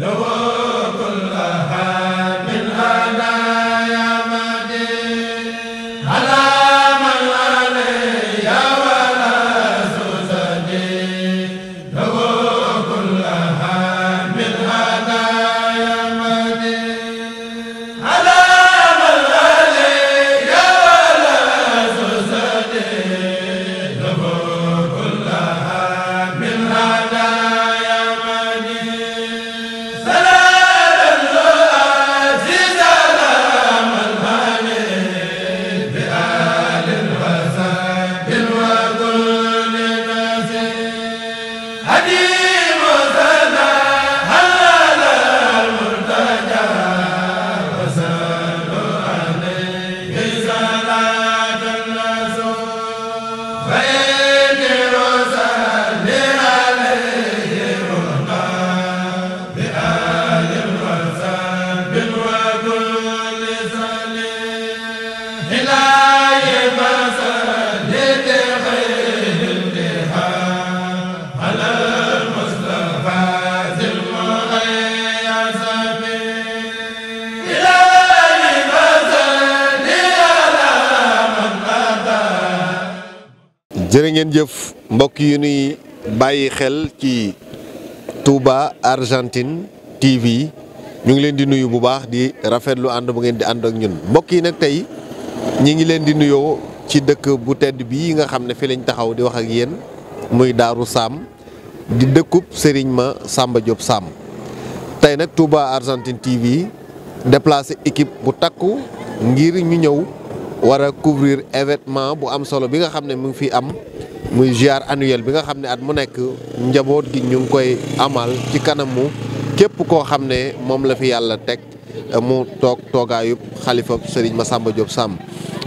la jërë ngeen jëf mbokk yi nuy bàyyi xel ci Touba Argentine TV ñu ngi leen di nuyu bu baax di rafetlu ànd bu ngeen di ànd ak ñun mbokk yi nag tey ñi ngi leen di nuyoo ci dëkk bu tedd bii nga xam ne fi lañ taxaw di wax ak yéen muy Daaru Saam di dëkkub Serigne ma Samba Diop Saam tey nag Touba Argentine TV déplacé équipe bu takku ngir ñu ñëw. war a couvrir événement bu am solo bi nga xam ne mu ngi fi am muy ziar annuel bi nga xam ne at mu nekk njaboot gi ñu ngi koy amal ci kanamu képp koo xam ne moom la fi yàlla teg mu toog toogaayub xalifa ma Massamba Diop Samb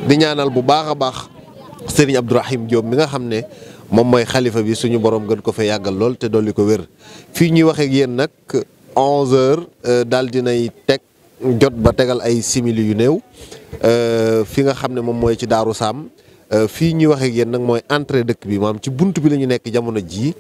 di ñaanal bu baax a baax Serigne Abdourahim Diop mi nga xam ne moom mooy xalifa bi suñu borom gën ko fa yàggal lool te dolli ko wér fii ñuy waxee ak yéen nag 11h euh, daal dinay teg jot ba tegal ay simili yu néew. Euh, fi nga xam ne moom mooy ci Daaru Saam euh, fii ñuy waxee ak nag mooy entrée dëkk bi maam ci bunt bi la ñu nekk jamono jii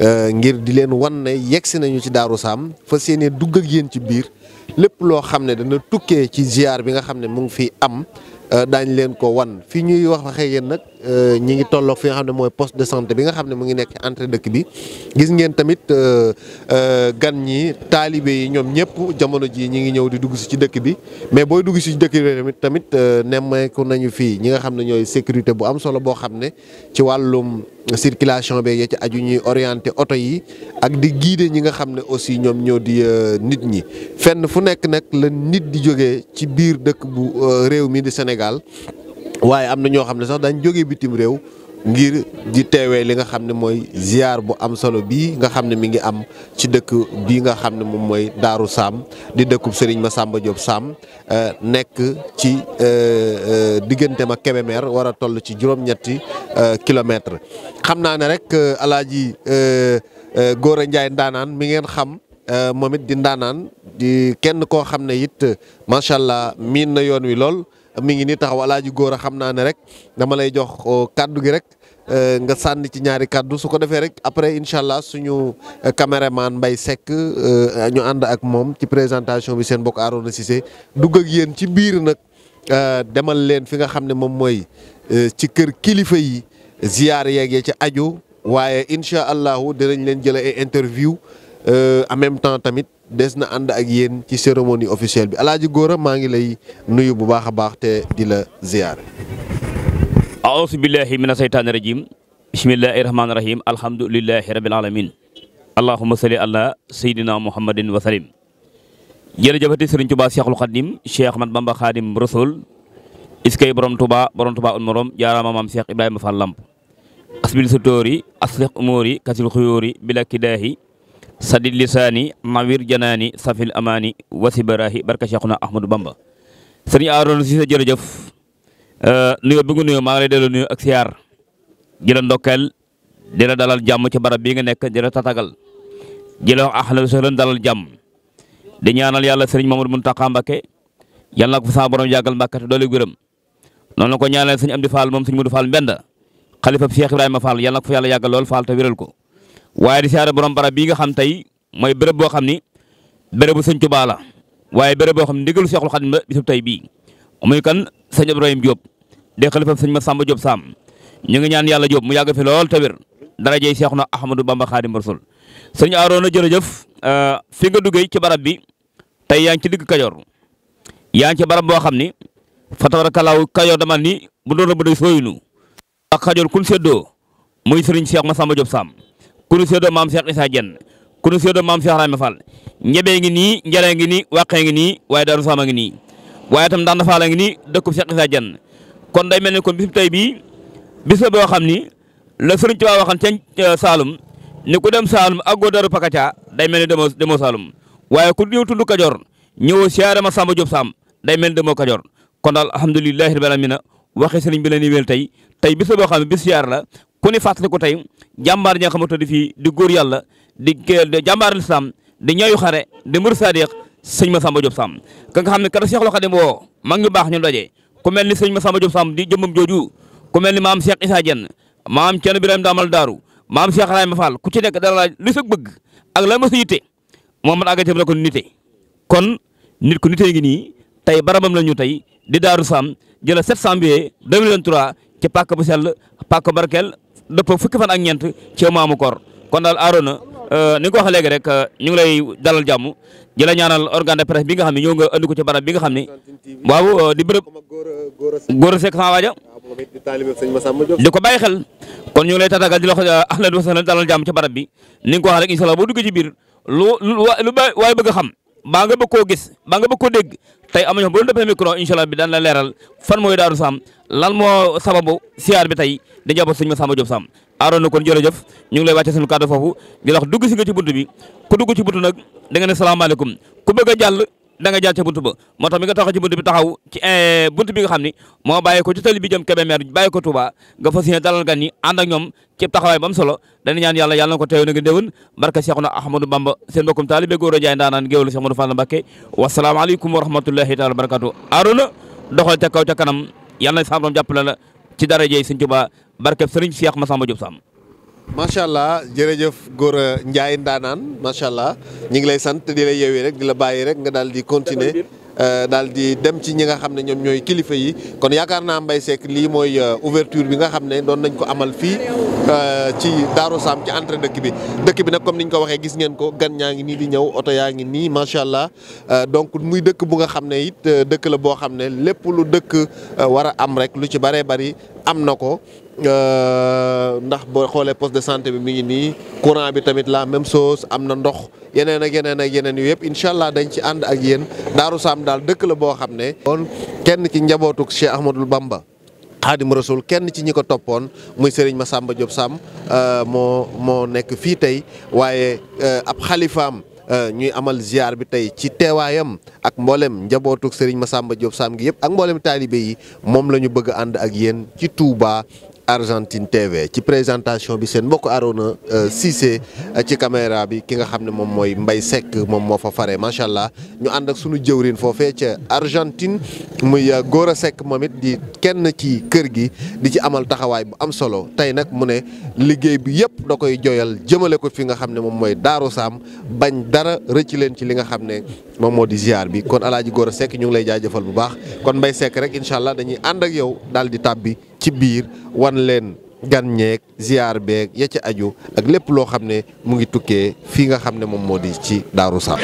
euh, ngir di leen wan ne yegsi nañu ci Daaru Saam fa yéene dugg ak yéen ci biir lépp loo xam ne dana tukkee ci ziar bi nga xam ne mu ngi fi am daañ leen ko wan fii ñuy wax waxee yéen nag. Euh, ñi ngi tolloo fi nga xam ne mooy poste de santé bi nga xam ne mu ngi nekk ci entrée dëkk bi gis ngeen tamit euh, euh, gan ñi taalibe yi ñoom ñëpp jamono ji ñi ngi ñëw di dugg si ci dëkk bi mais booy dugg si dëkk bi tamit tamit nemmeeku nañu fii ñi nga xam ne ñooy sécurité bu am solo boo xam ne ci wàllum circulation bi ya ci aju ñuy orienté oto yi ak di guider ñi nga xam ne aussi ñoom ñëw di nit ñi fenn fu nekk nag la nit di jógee ci biir dëkk bu réew mi di Sénégal waaye am na ñoo xam ne sax dañ jógee bitim réew ngir di teewee li nga xam ne mooy ziar bu am solo bii nga xam ne mi ngi am ci dëkk bii nga xam ne moom mooy Daaru Saam di dëkkub Serigne Massamba Diop Saam euh, nekk ci euh, euh, diggante ma Kébémer war a toll ci juróom-ñetti kilomètres xam naa ne rek alaaji Gora Ndiaye ndaanaan mi ngeen xam moom it di ndaanaan di kenn koo xam ne it macha allah miin na yoon wi lool. mi ngi nii taxaw alaaji góor a xam naa ne rek dama lay jox kàddu gi rek e, nga sànni ci ñaari kàddu su ko defee rek après incha allah suñu e, caméraman Mbaye Seck e, ñu ànd ak moom ci présentation bi seen bokk Arona Cissé dugg ak yéen ci biir nag demal leen fi nga xam ne moom mooy ci kër kilifa yi ziyaar yeeg ya ci aju waaye incha allahu dinañ leen jël ay interview en même temps tamit. des na ànd ak yéen ci cérémonie officielle bi alaaji góora maa ngi lay nuyu bu baax a baax te di la ziyaare aousu billahi mina seytaani rajim bismillahi rahmaani rahim alhamdulilahi rabil alamin allahuma salli ala seydina muhammadin wa salim jërëjëfati sëriñ Tuubaa Seexul Xadim Cheikh Bamba Xadim Rasul iskay borom Tuubaa borom Tuubaa ul morom jaaraama maam Cheikh Ibrahima Fall Lamp asbil sutóori aslix umóori kasil xuyóori bila kidaahi sadid lisaani nawir janaani safil amaani wasibarahi barka Cheikhuna Ahmadou Bamba sëriñ Aaroon si sa jërëjëf euh, nuyoo bi nga nuyoo maa ngi lay nuyoo ak siyaar di ndokkeel di dalal jàmm ci barab bii nga nekk di la tatagal di la wax ahlan dalal jàmm di ñaanal yàlla sëriñ Mamadou Mountakha Mbacké yal na ko fa saa borom yàggal te doole gërëm noonu la ko ñaanal sëriñ Amdi Fall moom sëriñ Modou Fall Mbenda xalifa Cheikh Ibrahima Fall yal na yàlla lool Fall te ko waaye di siyaare borom barab bii nga xam tey mooy bërëb boo xam ni bérébu sëñ Tuubaa la waaye béréb boo xam ni ndigalu Seexul Xadim la bisub tey bii muy kan sëñ Ibrahima Diop de xalifa sëñ Masamba Diop Sam ñu ngi ñaan yàlla Diop mu yàgg fi lool tawér darajey Seexuna Ahmadou Bamba Xaadim Rasul sëñ Aroona jërëjëf euh, fi nga duggee ci barab bi tey yaa ngi ci digg Kajoor ngi ci barab boo xam ni fa tabarakalaaw ma dama ni bu doon la bu doy sooyunu ak Kajoor kun séddoo muy sëriñ Cheikh Massamba ku nu séddoo maam Cheikh Issa Diène ku nu ngi nii njalee ngi nii wàqee ngi nii waaye Daaru Saama ngi nii waaye itam Ndanda Fall ngi nii dëkkub Cheikh Issa Diène kon day mel ne kon bisub tey bii bis boo xam ni la Sëriñ Tuubaa waxan ca Saalum ni ku dem Saalum àggoo Daaru Pakaca day mel ni demoo demoo Saalum waaye ku ñëw tudd Kajoor ñëwoo siyaare ma Samba Diop Samb day mel ni demoo Kajoor kon daal alhamdulillahi rabbil alamin waxi sëriñ bi la ñuy wéel tey tey bis la boo xam ne bis siyaar la ku ni fàttaliku tey jàmbaar ñi nga xamante ne fii di góor yàlla di jàmbaar lislaam di ñayu xare di mbër sadiq sëñ Massamba Diop Samb ka nga xam ne kada Cheikh Lo Khadim woo mag ñu baax ñu dajee ku mel ni sëñ Massamba Diop Samb di jëmmam jooju ku mel ni maam Cheikh Issa Dieng maam Thierno Birame Damal Daaru maam Cheikh ma Fall ku ci nekk dara laaj li sa bëgg ak la ma sa yitte moom man àgga ci ko nite kon nit ku nite ngi nii tey barabam la ñu tey di daa Samb jëla 700 billets 2023 ci pàkk bu sell pàkk barkeel dëpp fukki fan ak ñeent ci maamu koor kon daal Arona euh, ni ko waxee rek euh, ñu ngi lay dalal jàmm di la ñaanal organe de presse bi nga xam ne ñoo nga andi ko bi nga xam ne waaw euh, di bërëb a sekk sama waaja di ko bàyyi xel kon ñu ngi lay tatagal di la wax ahlan wa sahlan dalal jàmm ci barab bi ni nga ko wax rek incha allah boo lu lu waaye bëgg a xam baa nga bëgg koo gis baa nga bëgg koo dégg tey am nañu bu ñu dëppee micro incha allah bi daan la leeral fan mooy Daaru Sam lan moo sababu siyaar bi tey dañu jàpp sëñ Masamba Diop Sam aaroon na kon jërëjëf ñu ngi lay wàcce suñu kàddu foofu di wax dugg si nga ci bunt bi ku dugg ci bunt nag da nga ne salaamaaleykum ku bëgg a jàll da nga jaar ca buntu ba moo tax mi nga taxaw ci buntu bi taxaw ci eh, buntu bi nga xam ni moo bàyyi ko ci tali bi jëm Kébémer bàyyi ko Touba nga fas yéene dalal gan ñi ànd ak ñoom ci taxawaay ba am solo dañu ñaan yàlla yàlla na ko teew na nga déwén barka Seexuna Ahmadou Bamba seen mbokkum taalibe góor a jaay ndaanaan géewlu Seex Ahmadou Fall Mbacké wasalaamaaleykum wa rahmatullahi taala wa barakatu Arouna doxal ca kaw ca kanam yàlla na sa borom jàppale la Sam macha allah jërëjëf Gora Ndiaye ndaanaan macha allah ñu ngi lay sant di la yeewee rek di la bàyyi rek nga daal di continuer euh, daal di dem ci ñi nga xam ne ñoom ñooy kilifa yi kon yaakaar naa mbay Seck lii mooy euh, ouverture bi nga xam ne doon nañ ko amal fii euh, ci Darou Sam ci entrée dëkk bi dëkk bi nag comme ni ñu ko waxee gis ngeen ko gan ñaa ngi nii di ñëw oto yaa ngi nii macha allah donc muy dëkk bu nga xam ne it dëkk la boo xam ne lépp lu dëkk war a am rek lu ci baree bari am na ko. Euh, ndax boo xoolee poste de santé bi mu ngi nii courant bi tamit la même chose am na ndox yeneen ak yeneen ak yeneen yu yëpp incha allah dañ ci ànd ak yéen Daaru Saam daal dëkk la boo xam ne. kon kenn ci njabootuk Cheikh Ahmadul Bamba Xaadim Rasul kenn ci ñi ko toppoon muy Serigne Massamba Diop Sam euh, moo moo nekk fii tey waaye euh, ab xalifaam. ñuy amal ziar bi tey ci teewaayam ak mboolem njabootuk ma Massamba Diop Sam gi yëpp ak mboolem taalibe yi moom la ñu bëgg ànd ak yéen ci Touba Argentine TV ci présentation bi seen mbokk Arona euh, Cissé euh, ci caméra bi ki nga xam ne moom mooy mbay sekk moom moo fa fare macha allah ñu ànd ak sunu jëwriñ foofee ca Argentine muy euh, a sekk moom it di kenn ci kër gi di ci amal taxawaay bu am solo tey nag mu ne liggéey bi yëpp da koy joyal jëmale ko fi nga xam ne moom mooy Daaru Saam bañ dara rëcc leen ci li nga xam ne moom moo di ziar bi kon Alaaji Gora Seck ñu ngi lay jaajëfal bu baax kon mbay Seck rek incha allah dañuy ànd ak yow daal di tàbbi ci biir wan leen gan ñeeg ziar beeg ya ci aju ak lépp loo xam ne mu ngi tukkee fii nga xam ne moom moo di ci Daaru Sam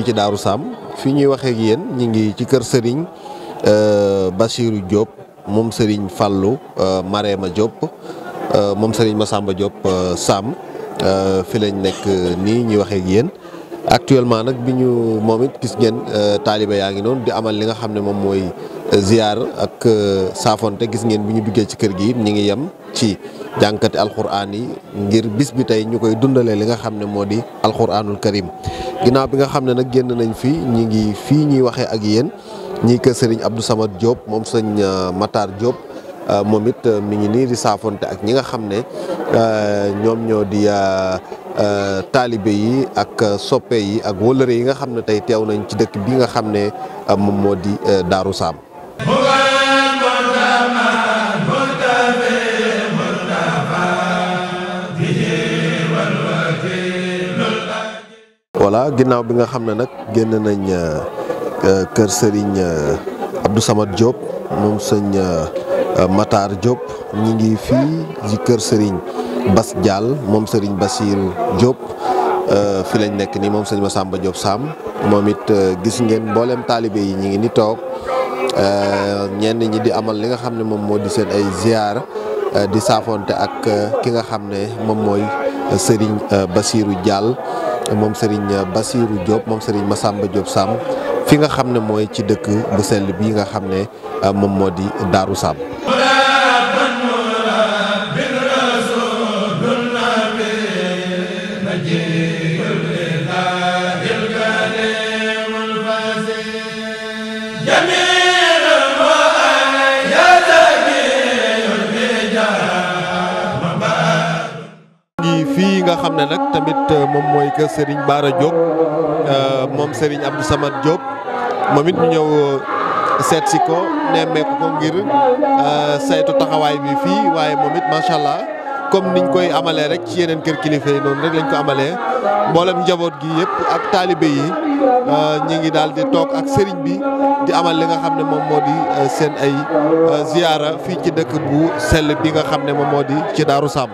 fii ci Daaru Saam fii ñuy waxee ak yéen ñu ngi ci kër Serigne euh, Bassirou Diop moom fàllu Fallou euh, ma Diop euh, moom Serigne Massamba Diop Saam fi lañ nekk nii ñuy waxee ak yéen. actuellement nag bi ñu moom it gis ngeen taaliba yaa ngi noonu di amal li nga xam ne moom mooy ziar ak saafonte gis ngeen bi ñu buggee ci kër gi ñu ngi yem ci jànkati alxuraan yi ngir bis bi tey ñu koy dundalee li nga xam ne moo di alxuraanul karim ginnaaw bi nga xam ne nag génn nañu fi ñi ngi fii ñuy waxee ak yéen ñii kër sëriñ abdu Samad jóob moom sëñ euh, Matar Diop euh, moom it euh, mi ngi nii di saafonte ak ñi nga xam ne ñoom ñoo di taalibe yi ak soppe yi ak wëllëre yi nga xam ne tey teew nañ ci dëkk bi nga xam ne moom moo di Daaru Saam voilà ginnaaw bi nga xam ne nag génn nañ euh, euh, kër sëriñ euh, Abdou Samad Diop moom sëñ Matar Diop ñi ngi fii ci kër Serigne Bass Diall moom Serigne Bassirou Diop fi lañ nekk nii moom sëñ ma Massamba Diop Sam moom it gis ngeen mbooleem taalibe yi ñi ngi ni toog ñenn ñi di amal li nga xam ne moom moo di seen ay ziar di saafonte ak ki nga xam ne moom mooy Serigne Bassirou Diall moom Serigne Bassirou Diop moom Serigne Massamba Diop Sam fi nga xam ne mooy ci dëkk bu sell bi nga xam ne moom moo di Daaru Sam xam ne nag tamit euh, moom mooy que Serigne Bara euh, moom Serigne Abdou Samad Diop moom it ñu ñëw euh, seet si ko nemmeeku ko ngir saytu taxawaay bi fii waaye moom it macha allah comme niñ koy amalee rek ci yeneen kër kilifa yi rek lañ ko amalee mboolem njaboot gi yëpp ak taalibe yi ñi ngi daal di toog ak sëriñ bi di amal li nga xam ne moom moo di seen ay ziyaara fii ci dëkk bu sell bi nga xam ne moom moo di ci Daaru Sam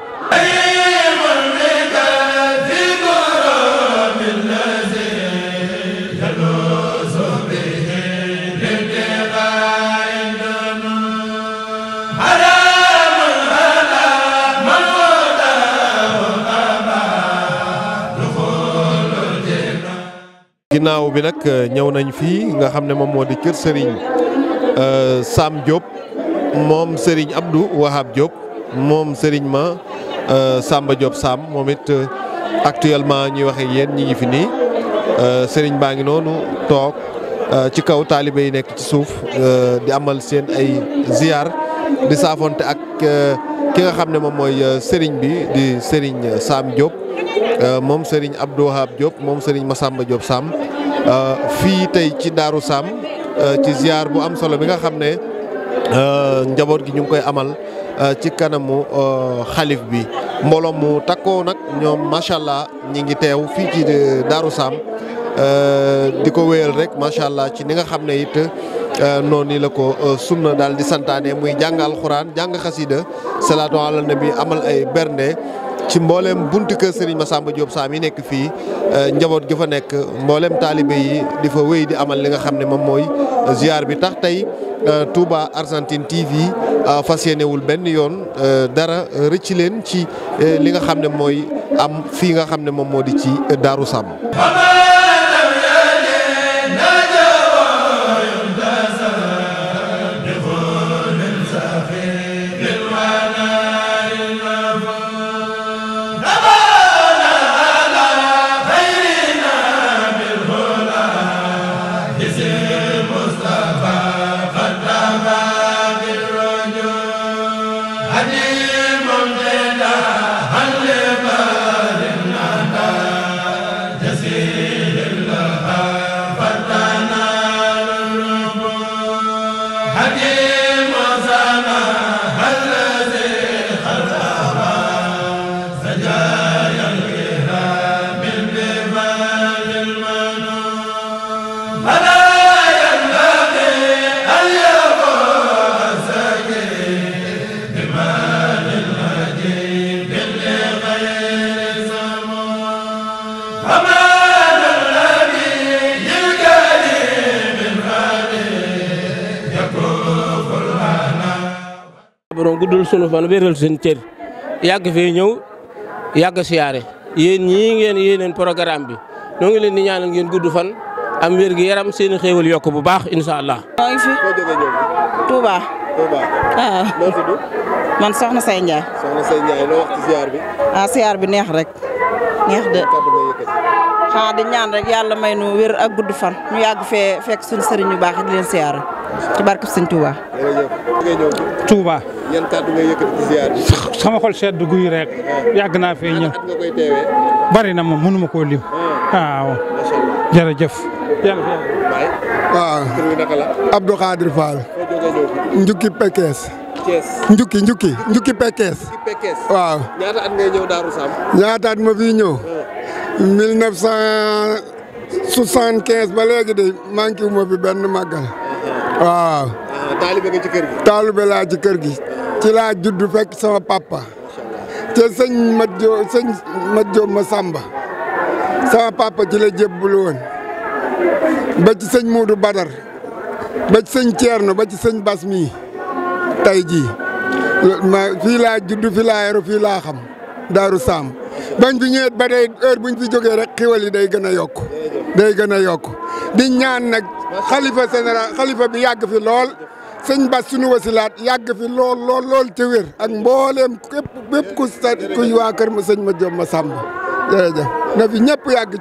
naaw bi nag euh, ñëw nañ fii nga xam ne moom moo di kër Serigne euh, Sam jóop moom Serigne Abdou Wahab Diop moom Serigne ma euh, Samba Diop Sam moom it actuellement ñuy waxe yéen ñi ngi fi nii baa ngi noonu toog ci kaw taalibe yi nekk ci suuf di amal seen ay ziar di saafonte ak ki nga xam ne moom mooy Serigne bi di Serigne Sam Diop moom Serigne Abdou Wahab Diop moom Serigne Massamba Diop Sam Euh, fii tey ci Daaru Saam euh, ci ziar bu am solo bi nga xam ne euh, njaboot gi ñu ngi koy amal ci kanamu xalif bi mbooloo mu takkoo nag ñoom macha allah ñi ngi teew fii ci Daaru Saam di ko wéyal rek macha allah ci ni nga xam ne it noonu la ko sunna daal di santaane muy jàng alxuraan jàng xasida salaatu ala bi amal ay bernde ci mbooleem buntu kër Serigne Massamba Diop Sam yi nekk fii eh, njaboot gi fa nekk mbooleem taalibe yi di fa wéy di amal li nga xam ne moom mooy eh, ziar bi tax tey eh, Touba Argentine TV fa yéenewul benn yoon dara rëcc leen ci li nga xam ne mooy am fii nga xam ne moom moo di ci Daaru Sam borom guddul sunu fan wéral seen cër yàgg fee ñëw yàgg siyaare yéen ñii ngeen yéeneen programme bi ñoo ngi leen di ñaanal ngeen gudd fan am wér gi yaram seen i yokk bu baax incha allah. maa ngi ah. man Soxna Say Ndiaye. Soxna Say Ndiaye loo wax siyaar bi. ah siyaar bi neex rek neex de. ah di ñaan rek yàlla may nu wér ak gudd fan ñu yàgg fee fekk suñu sëriñ yu baax di leen siyaara ci barke sëñ Touba. sama xol sedd guy rek. Ah. yàgg naa fee ñëw bari na ma mënuma koo lim. Ah. waaw jërëjëf. yàlla waaw. Ah. Abdou Khadir Fall. Njukki Pekes. Njukki Njukki waaw. ñaata at ngay ñëw. mille neuf cent soixante ba léegi de manqué wu fi benn màggal waaw. taalibe kër gi. taalibe laa ci kër gi. ci laa judd fekk sama papa. te sëñ Mat Diop sëñ ma Samba sama papa ci la jébbalu woon ba ci sëñ Modou Badar ba ci sëñ Thierno ba ci sëñ Bas mii jii fii laa judd fii laa yaru fii laa xam Daaru Saam. bañ bi ñëwee ba day heure buñ fi jogee rek xiwal yi day gën a yokk day gën a yokku di ñaan nag xalifa général xalifa bi yàgg fi lool sëñ Bass sunu wasilaat yàgg fi lool lool lool te wér ak mbooleem képp képp ku sa kuy waa kër ma sëñ ma jom ma sàmm jërëjëf na fi ñëpp yàgg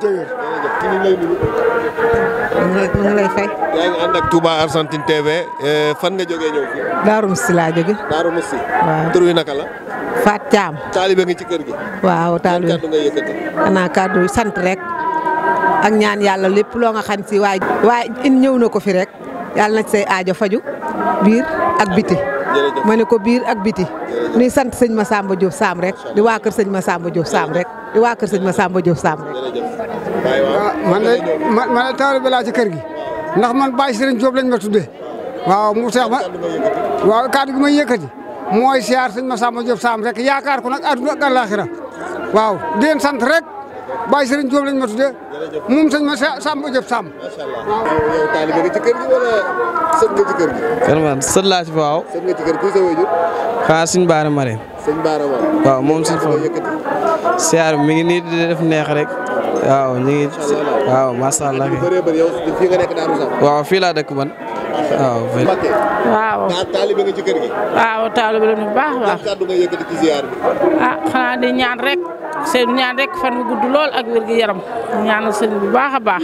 lay fay. yaa ngi ànd eh, fan nga jógee ñëw fii. Darou Moussi laa la. Fat Thiam. taalibe nga ci kër gi. waaw taalibe kàddu nga yëkkati. xanaa kàddu sant rek. ak ñaan yàlla lépp loo nga xam si waay. waaye in ñëw na ko fi rek. yàlla na say aajo faju biir ak biti. ma ne ko biir ak biti. nuy sant sëñ ma Massamba Diop saam rek. di waa kër sëñ Massamba Diop saam rek. di waa ma sëñ Massamba Diop Samb rek. waaw ah, man de man man de taalibe laa ci kër gi ndax man Baye Serigne Diop lañ ma tuddee waaw mu seex ma waaw kàddu gi may yëkkati mooy siyaar sëñ Massamba Diop Samb rek yaakaar ko nag àdduna ak àllaaxira waaw di leen rek. Baye Serigne Diop lañ ma tuddee moom sëñ ma Samba ba Samb. macha allah yow taalibe nga ci kër gi wala sët nga ci kër gi. kan waaw. sët nga ci kër waaw. moom suñu fa mi ngi nii neex rek. waaw ñu ngi. waaw macha allah. waaw fii nga waaw fii laa dëkk man. waaw Mbacké waaw taalibe nga ci kër gi waaw taalibe la bu baax a baax kàddu ah, xanaa di ñaan rek seen ñaan rek fan gudd lool ak wér gi yaram ñaanal sëñ bu baax a baax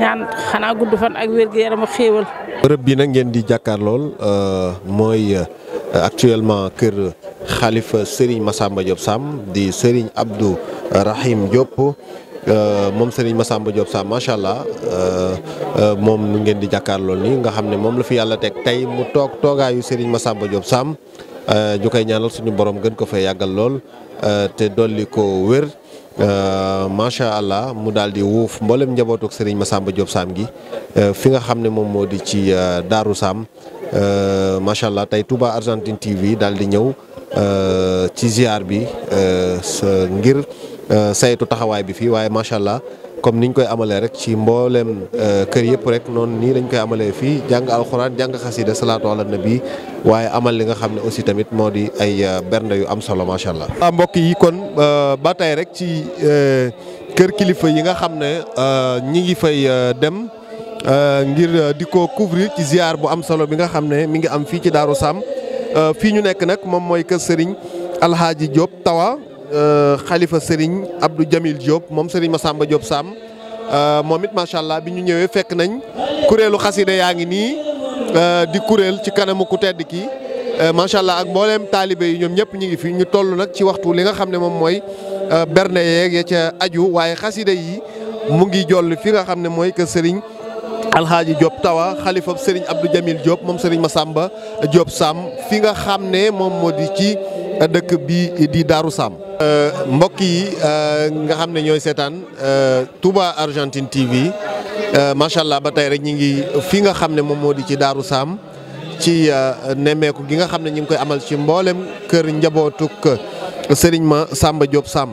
ñaan xanaa gudd fan ak wér gi yaram a xéewal bërëb bi nag ngeen di jàkkaar lool euh, mooy euh, actuellement kër xalifa Serigne Massamba Diop Sam di Serigne Abdou Rahim Diop Euh, moom Serigne Massamba Diop Sam macha allah euh, euh, moom nu ngeen di jàkkaarloo nii nga xam ne moom la fi yàlla teg tey mu toog toogaayu Serigne Massamba Diop Sam ju koy ñaanal suñu borom gën ko fay yàggal lool te dolli ko wér macha allah mu daal di wuuf mboolem njabootu njabootuk ma Massamba Diop saam gi fi nga xam ne moom moo di ci Daaru Sam macha allah tey Touba Argentine TV daal di ñëw ci ziar bi ngir. Euh, saytu taxawaay bi fii waaye macha allah comme niñ koy amalee rek ci mbooleem euh, kër yëpp rek noonu nii dañ koy amalee fii jàng alxuraan jàng xasida salaatu na nabi waaye amal li nga xam ne aussi tamit moo di ay euh, bernde yu am solo macha allah. mbokk yi kon ba tey rek ci kër kilifa yi nga xam ne ñi ngi fay dem ngir di ko couvrir ci ziar bu am solo bi nga xam ne mi ngi am fii ci Daaru Sam fii ñu nekk nag moom mooy kër Serigne Alhaaji Diop Tawa. Euh, xalifa Serigne abdu Jamil Diop moom Serigne Massamba Diop Sam euh, moom it macha allah bi ñu ñëwee fekk nañ kuréelu xasida yaa ngi nii euh, di kuréel ci kanamu ku tedd ki macha allah ak mbooleem taalibe yi ñoom ñëpp ñu ngi fi ñu toll nag ci waxtu li nga xam ne moom mooy berne yeeg ya ca aju waaye xasida yi mu ngi joll fi nga xam ne mooy que Serigne Alxaaji Diop Tawa xalifa Serigne Abdou Jamil Diop moom ma Massamba Diop sàmm fi nga xam ne moom moo di ci. dëkk bi di Daaru Saam euh, mbokk yi euh, nga xam ne ñooy seetaan euh, Touba Argentine TV macha allah ba tey rek ñi ngi fi nga xam ne moom moo di ci Daaru Saam ci nemmeeku gi nga xam ne ñu ngi koy amal ci mboolem kër njabootuk sëriñ ma sàmba Diop Sam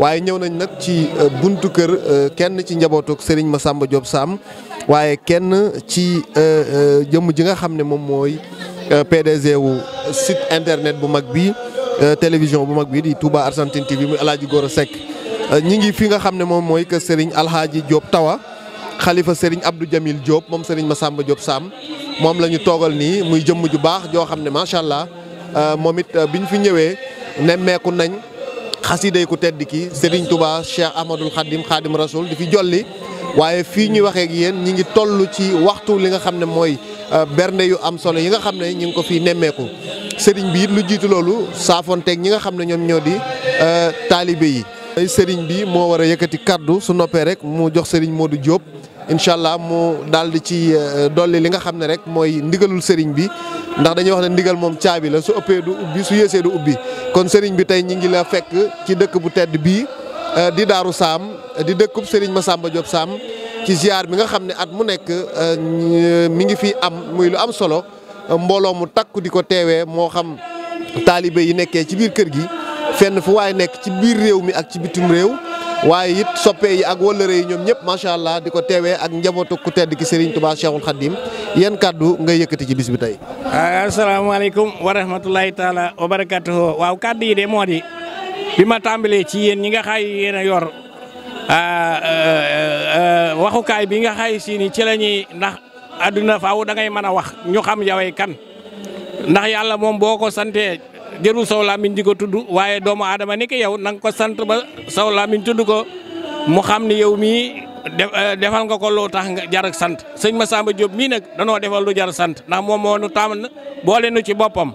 waaye ñëw nañ nag ci buntu kër kenn ci njabootuk sëriñ ma Samba joob Sam waaye kenn ci jëm ji nga xam ne moom mooy Euh, PDG wu site internet bu mag bi euh, télévision bu mag bi di Touba Argentine TV muy El Hadj Gora Seck euh, ñi ngi fi nga xam ne moom mooy que Serigne Alhaji jóob Tawa xalifa Serigne Abdou Jamil Diop moom sëriñ ma sàmba Diop Sam moom la ñu toogal nii muy jëmm ju baax joo xam ne macha allah moom it bi ñu fi ñëwee nemmeeku nañ xasiday ku tedd ki Serigne Touba Cheikh Ahmadoul Khadim Khadim Rasoul di fi jolli. waaye fii ñuy waxee ak yéen ñi ngi toll ci waxtu li nga xam ne mooy euh, bernde yu am solo yi nga xam ne ñi ngi ko fii nemmeeku sëriñ bi it lu jiitu loolu saafonteeg ñi nga xam ne ñoom ñoo di euh, taalibe yi. sëriñ bi moo war a yëkkati kaddu su noppee rek mu jox sëriñ moo Modou Diop incha allah mu daal di ci euh, dolli li nga xam ne rek mooy ndigalul sëriñ bi ndax dañuy wax ne ndigal moom caabi la su ëppee du ubbi su yéesee du ubbi kon sëriñ bi tey ñi ngi la fekk ci dëkk bu tedd bii. Euh, di Daaru Saam euh, di dëkkub Serigne Massamba Diop Saam ci ziar bi nga xam ne at mu nekk euh, mi ngi fi am muy lu am solo mbooloo mu takku di ko teewee moo xam taalibe yi nekkee ci biir kër gi fenn fu waaye nekk ci biir réew mi ak ci bitum réew waaye it soppe yi ak wëllëre yi ñoom ñëpp macha allah di ko teewee ak njabootu ku tedd ki Serigne Touba Cheikhul Khadim yan kàddu nga yëkkati ci bis bi tey. Ah, asalaamaaleykum wa yi de moo di bi ma tàmbalee ci yéen ñi nga xaay yéen a yor ah, ah, ah, waxukaay bi nga xay si ni ci la ñuy ndax àdduna faaw da ngay mën a wax ñu xam yaway kan ndax yàlla moom boo ko santee jërul saw làmmiñ di ko tudd waaye doomu aadama ni ki yow na ko sant ba saw làmmiñ tudd ko mu xam ni yow mii eh, defal nga ko lu tax nga jar sant sëñ ma Massamba Diop mii nag danoo defal lu jar sant ndax moom moo nu tàmm boole nu ci boppam.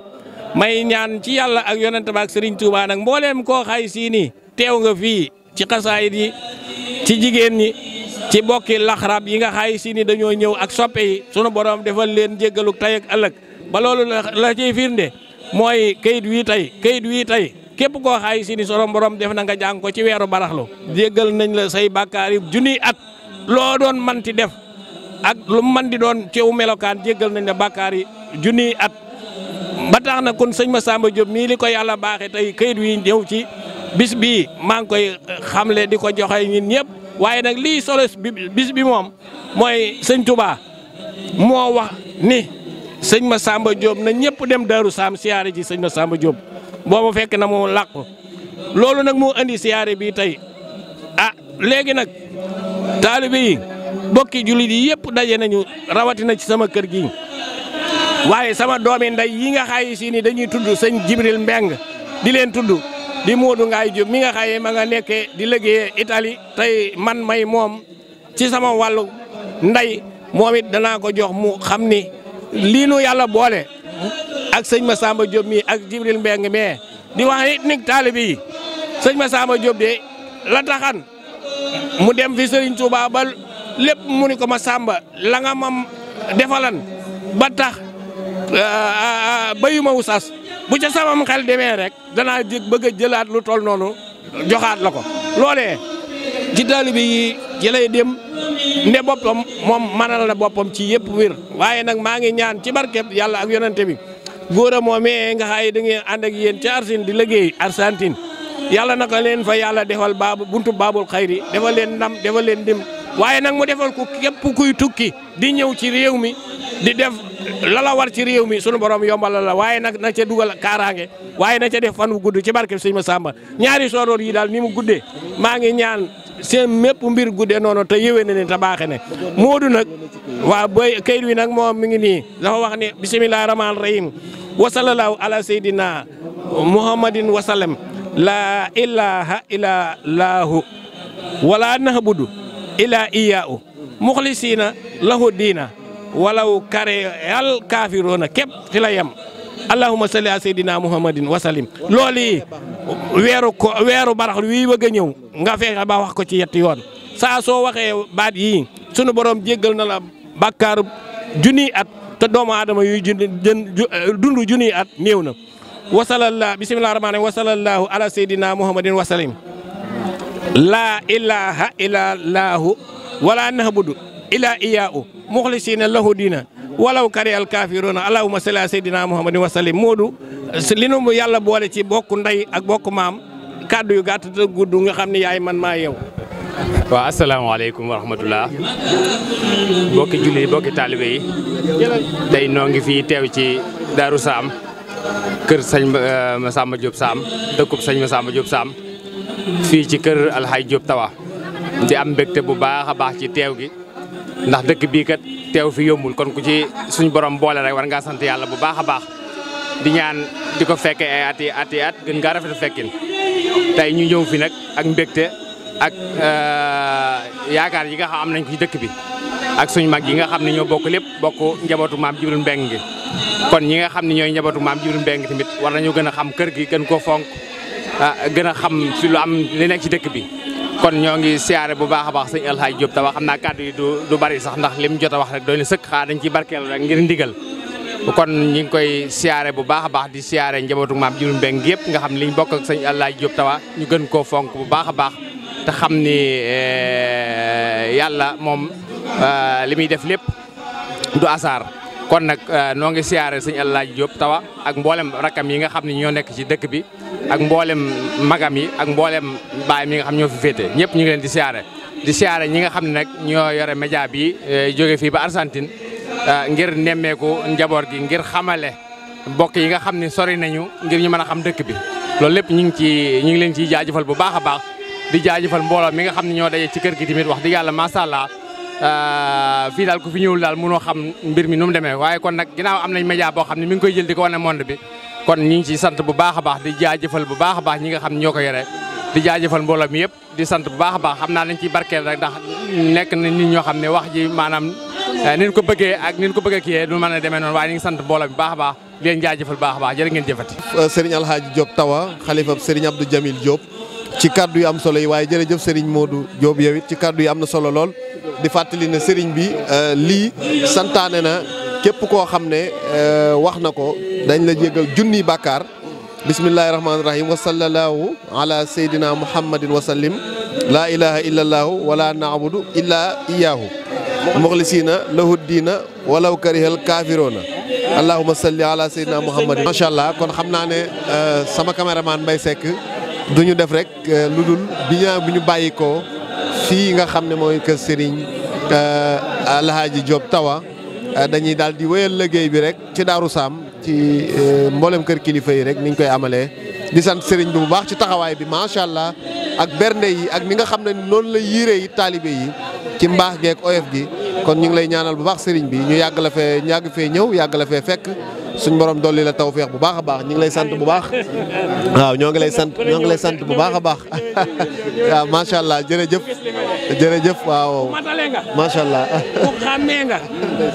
may ñaan ci yàlla ak yonent ba ak Serigne Touba nag ko koo xay sii nii teew nga fii ci xasaayit yi ci jigéen ñi ci bokki laxarab yi nga xay sii dañoo ñëw ak soppe yi sunu borom defal leen jéggalu tay ak ëllëg ba loolu la ciy firnde mooy kayit wii tey kayit wii tey képp koo xay sii nii borom def na nga jàng ko ci weeru baraxlu jéggal nañ la say bàkkaar yi at loo doon manti def ak lu man di doon ci melokaan jéggal nañ la bàkkaar yi at ba tax na kon sëñ ma Massamba jóob mii li ko yàlla baaxee tey këyit wi ñëw ci bis bii maa ngi koy xamle di ko joxe ñun ñëpp waaye nag lii solo bis bi moom mooy sëñ Touba moo wax ni sëñ ma Massamba Diop na ñëpp dem Darou Sam siyaare ji sëñ Massamba Diop boobu fekk na mu làqu loolu nag moo indi siyaare bii tey ah léegi nag taalibe yi bokki jullit yi yëpp daje nañu rawatina ci sama kër gi waaye sama doomi ndey yi nga xayi si ni dañuy tudd sëñ Jibril Mbeng di leen tudd di Modou Ngaye Diop mi nga xaye ma nga nekke di liggéeyee itali tey man may moom ci sama wàllu nday moom it danaa ko jox mu xam ni lii yàlla boole ak sëñ ma sàmba Diop mii ak Jibril Mbeng mais di wax nit nit taalibe yi sëñ Massamba Diop de la taxan mu dem fi Serigne Touba ba lépp mu ni ko Massamba la nga ma defalan ba tax Euh, euh, euh, bayuma wu sas bu ca samam xel demee rek danaa bëgg a jëlaat lu toll noonu joxaat la ko loole ci taalibe yi ci lay dem nde boppam moom manal na boppam ci yëpp wér waaye nag maa ngi ñaan ci barkeb yàlla ak yonante bi góor a moomee nga xay da ngeen ànd ak yéen ci Argentine di liggéey Argentine yàlla naka leen fa yàlla defal baabu buntu baabul xayri defal leen ndam defal leen dim waaye nag mu defal ko képp kuy tukki di ñëw ci réew mi di def lala war ci réew mi sunu borom yombal la waaye nag na ca dugal kaaraange waaye na ca def fan wu gudd ci barke ma Massamba ñaari sooroor yi daal ni mu guddee maa ngi ñaan seen mépp mbir guddee noonu te yéwé na ne te baaxe ne Moodu nag waaw booy kayit wi nag moom mi ngi nii dafa wax ne bisimilah rahmaani rahim wasalallahu ala sayyidina muhammadin wasallam laa ilaha illa laahu ilaa iyaa'u muxlisiina lahu diina walaw kare al kaafiroona képp fi la yem allahumma salli ala sayyidina muhammadin wa sallim loolu yi weeru ko weeru barax wii a ñëw nga fexe ba wax ko ci yetti yoon saa soo waxee baat yii sunu borom jéggal na la bàkkaaru junniy at te doomu aadama yuy eh, dund junniy at néew na wasalallaa bisimilah rahmaani wasalallahu ala sayyidina muhammadin wa laa ilaha illa laahu wala nahbudu ila iyaahu muxlisina lahu diina walaw kariyal kaafiruuna allahumma salli ala sayyidina muhammadin wa sallim moodu li yàlla boole ci bokku ndey a bokku maam kàddu yu gàtt te gudd nga xam ne yaay man maa yow waaw asalaamaaleykum wa rahmatullah bokki julli yi bokki taalibe yi tey noo teew ci Daaru Saam kër sëñ eh, Masamba Diop Saam dëkkub sëñ Masamba Diop Saam fii ci kër Alxaaj Jóob Tawa di am mbégte bu baax a baax ci teew gi ndax dëkk bii kat teew fi yombul kon ku ci suñ borom boole rek war ngaa sant yàlla bu baax a baax di ñaan di ko fekke ay ati ati at gën ngaa rafetu fekkin tey ñu ñëw fi nag ak mbégte ak euh, yaakaar yi nga xam am nañ ko ci dëkk bi ak suñ mag yi nga xam ne ñoo bokk lépp bokk njabootu maam Jibril Mbeng gi kon ñi nga xam ne ñooy njabootu maam Jibril Mbeng tamit war nañu gën a xam kër gi gën koo fonk Ah, gën a xam ci lu am li nekk ci dëkk bi kon ñoo ngi siyaare bu baax a baax sëñ El Hadj tawa tabax xam naa kàddu yi du du bari sax ndax lim jot a wax rek doy na sëkk xaa dañ ciy barkeelu rek ngir ndigal kon ñu ngi koy siyaare bu baax a baax di siyaare njabootu maam jurum beng yëpp nga xam liñ bokk ak sëñ El Hadj Diop ñu gën koo fonk bu baax a baax te xam ni eh, yàlla moom eh, li muy def lépp du asaar kon nag euh, noo ngi siyaare sëñ Alaaji jóob Tawa ak mboolem rakam yi nga xam ne ñoo nekk ci dëkk bi ak mboolem magam yi ak mboolem baay mi nga xam ñoo fi féete ñëpp ñu ngi leen di siyaare di siyaare ñi nga xam ne nag ñoo yore média bi euh, jóge fi ba Argentine euh, ngir nemmeeku njaboot gi ngir xamale mbokk yi nga xam ne sori nañu ngir ñu mën a xam dëkk bi loolu lépp ñu ngi ci ñu ngi leen ciy jaajëfal bu baax a baax di jaajëfal mbooloo mi nga xam ne ñoo daje ci kër gi tamit wax dëgg yàlla macha Euh, fii daal ku fi ñëwul daal munoo xam mbir mi nu mu demee waaye kon nag ginnaaw am nañ média boo xam ne mi ngi koy jël di ko wane monde bi kon ñu ngi sant bu baax a baax di jaajëfal bu baax a baax ñi nga xam ñoo ko yore di jaajëfal mbooloo mi yëpp di sant bu baax a baax xam naa dañ ciy barkeel rek ndax nekk na ñoo xam ne wax ji maanaam euh, nin ko bëggee ak nin ko bëggee kiyee du mën a demee noonu waaye ñu ngi sant mbooloo mi baax a baax di leen jaajëfal baax a baax jërë ngeen jëfati euh, Serigne Alhaji Diop Tawa xalifab Serigne Abdou Jamil Diop ci kaddu yu am solo yi waaye jërëjëf Serigne Modou Diop yow it ci kaddu yi am na solo lool di fàttali na sëriñ bi euh, lii santaane na képp koo xam ne euh, wax na ko dañ la jéggal junniy bàkkaar bismillahi rahmaani rahim wa sallallahu ala sayyidina muhammadin wa sallim laa ilaha illa allaahu wala naabudu illa iyaahu muxlisina lahu diina walaw karihal kaafiroona allahuma salli ala sayyidina macha allah kon xam naa ne euh, sama caméraman Mbaye Seck du ñu def rek lu dul bi ñu bàyyi ko fii nga xam ne mooy kër Serigne euh, Alhaji Diop Tawa euh, dañuy daal di wéyal liggéey bi rek ci Daaru Saam ci euh, mboolem kër kilifa yi rek niñ koy amalee di sant Serigne bi bu baax ci taxawaay bi macha allah ak bernde yi ak ni nga xam ne noonu la yiiree yi taalibe yi ci mbaax geek oyof gi kon ñu ngi lay ñaanal bu baax Serigne bi ñu yàgg la fee yàgg fee ñëw yàgg la fee fekk. suñ boroom dolli la taw tawféex bu baax baax ñu ngi lay sant bu baax waaw ñoo ngi lay sant ñoo ngi lay sant bu baax a baax waaw macha allah jërëjëf jërëjëf waaw allah. ku xàmmee nga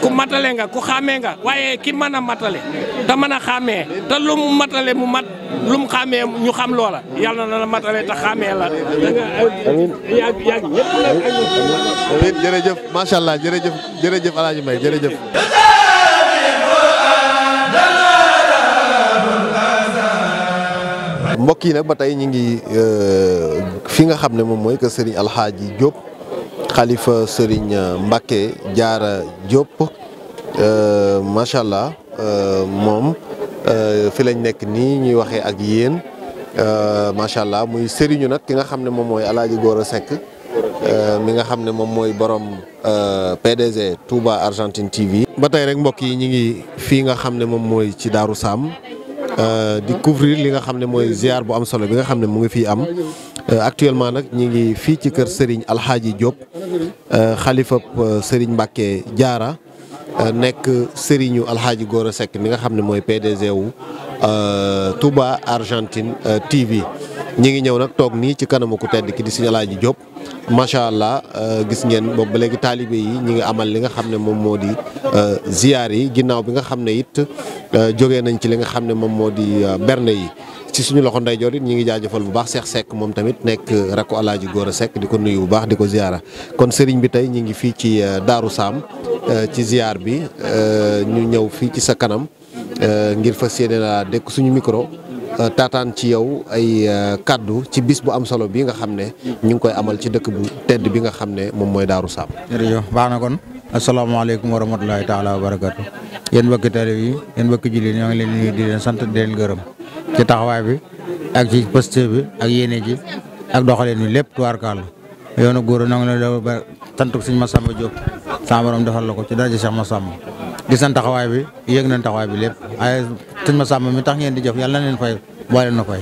ku matale nga ku xàmmee nga waaye ki mën a matale te mën a xàmmee te lu mu matale mu mat lu mu xàmmee ñu xam loola yàlla na la matale te xàmmee la. jërëjëf macha allah jërëjëf jërëjëf El Hadj jërëjëf. mbokk yi nag ba tey ñu ngi euh, fi nga xam ne moom mooy que Serigne Alxaaji Diop xalifa Serigne euh, Mbacke Diarra Diop euh, macha allah moom fi lañ nekk nii ñuy waxee ak yéen macha allah muy Serigne nag ki nga xam ne moom mooy El Hadj Gora Seck mi nga xam ne moom mooy borom PDG Touba Argentine TV. ba tey rek mbokk yi ñu ngi fii nga xam ne moom mooy ci Daaru Saam. Euh, di couvrir li nga xam ne mooy ziar bu am solo bi nga xam ne mu ngi fii am euh, actuellement nag ñi ngi fii ci kër Serigne Alxaaji Diop euh, xalifa Serigne Mbacke jaara nekk Serigne Alxaaji a sekk mi nga xam ne mooy PDG wu Touba Argentine TV. ñi ngi ñëw nag toog nii ci kanamu ku tedd ki di Serigne Alaaji Diop macha allah euh, gis ngeen boobu ba léegi taalibe yi ñi ngi amal li nga xam ne moom moo di euh, ziyaar yi ginnaaw bi nga xam ne it euh, jógee nañ ci li nga xam ne moom moo di berne yi. ci suñu loxo ndeyjoor it ñi ngi jaajëfal bu baax seex sekk moom tamit nekk rakku Alaaji a sekk di ko nuyu bu baax di ko ziyaara kon sëriñ bi tey ñi ngi fii ci Daaru Saam ci ziyaar bi ñu ñëw fii ci sa kanam ngir fas yéene laa suñu micro. taataan ci yow ay euh, kàddu ci bis bu am solo bi nga xam ne ñu ngi koy amal ci dëkk bu tedd bi nga xam ne moom mooy Daaru Saam. jërëjëf baax na kon asalaamaaleykum wa rahmatulahi taala wa barakaatu yéen mbokki taalib yi yéen mbokki jullit ñoo ngi leen nuyu di leen sant leen gërëm ci taxawaay bi ak ci posté bi ak yéene ji ak doxaleen bi lépp tubaarkaal yoonu góor ñoo ngi leen ba sant suñu Massamba Diop sama borom defal la ko ci daraja Cheikh Massamba gis nañ taxawaay bi yëg nañ taxawaay bi lépp sëñ Massamba mi tax ngeen di jëf yàlla na leen fay boole na fay